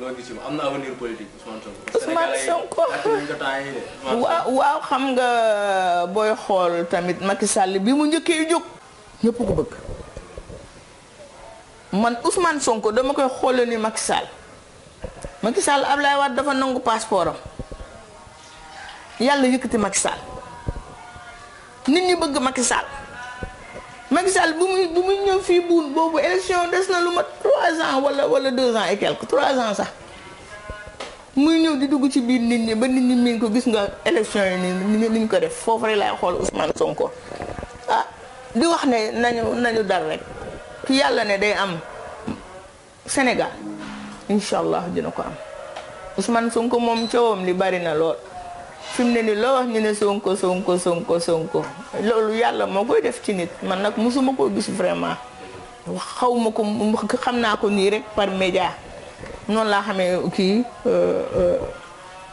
loo gis na avenir politique Ousmane Sonko. waaw waaw xam nga euh, booy xool tamit Macky bi mu njëkkee jóg ñëpp ko bëgg man Ousmane Sonko dama koy xoolee ni Macky Sall am Sall Ablaye dafa nangu paaspooram yàlla yëkkati Macky nit ñi bëgg Macky Macky Sall bu muy bu muy ñëw fii buun boobu élection des na lu ma trois ans wala wala deux ans et quelque trois ans sax muy ñëw di dugg ci biir nit ñi ba nit ñi miin ko gis nga élection yi ni ni ñu ko def foofu rek laay xool Ousmane Sonko ah di wax ne nañu nañu dal rek yàlla ne day am Sénégal incha allah dina ko am Ousmane Sonko moom coowam li bari na lool. fi mu ne ni loo wax ñu ne sonko sonko sonko sonko loolu yàlla moo koy def ci nit man nag mosuma koo gis vraiment xaw ma ko xam naa ko nii rek par média noonu laa xamee kii euh,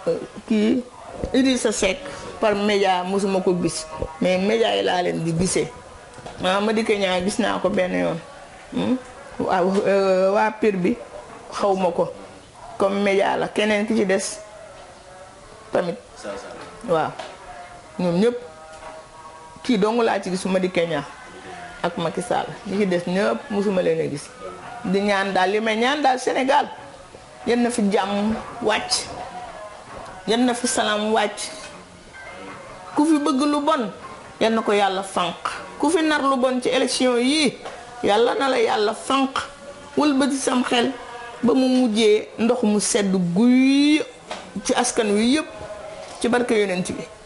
euh, kii Idrissa Seck par média mosuma ko gis mais média yi laa leen di gisee ma ah, Madické Niang gis naa ko benn yoon hmm? waaw euh, waa Pire bi xaw ma ko comme média la keneen ki ci des tamit waaw ñoom ñëpp kii dong laa ci gis su ma di Kenya ak Macky Sall ñi ci des ñëpp mosuma leen a gis di ñaan daal li may ñaan daal Sénégal yan na fi jàmm wàcc yan na fi salaam wàcc ku fi bëgg lu bon yan na ko yàlla fànq ku fi nar lu bon ci élection yii yàlla na la yàlla fànq wëlbati sam xel ba mu mujjee ndox mu sedd guy ci askan wi yëpp ci barke yonent bi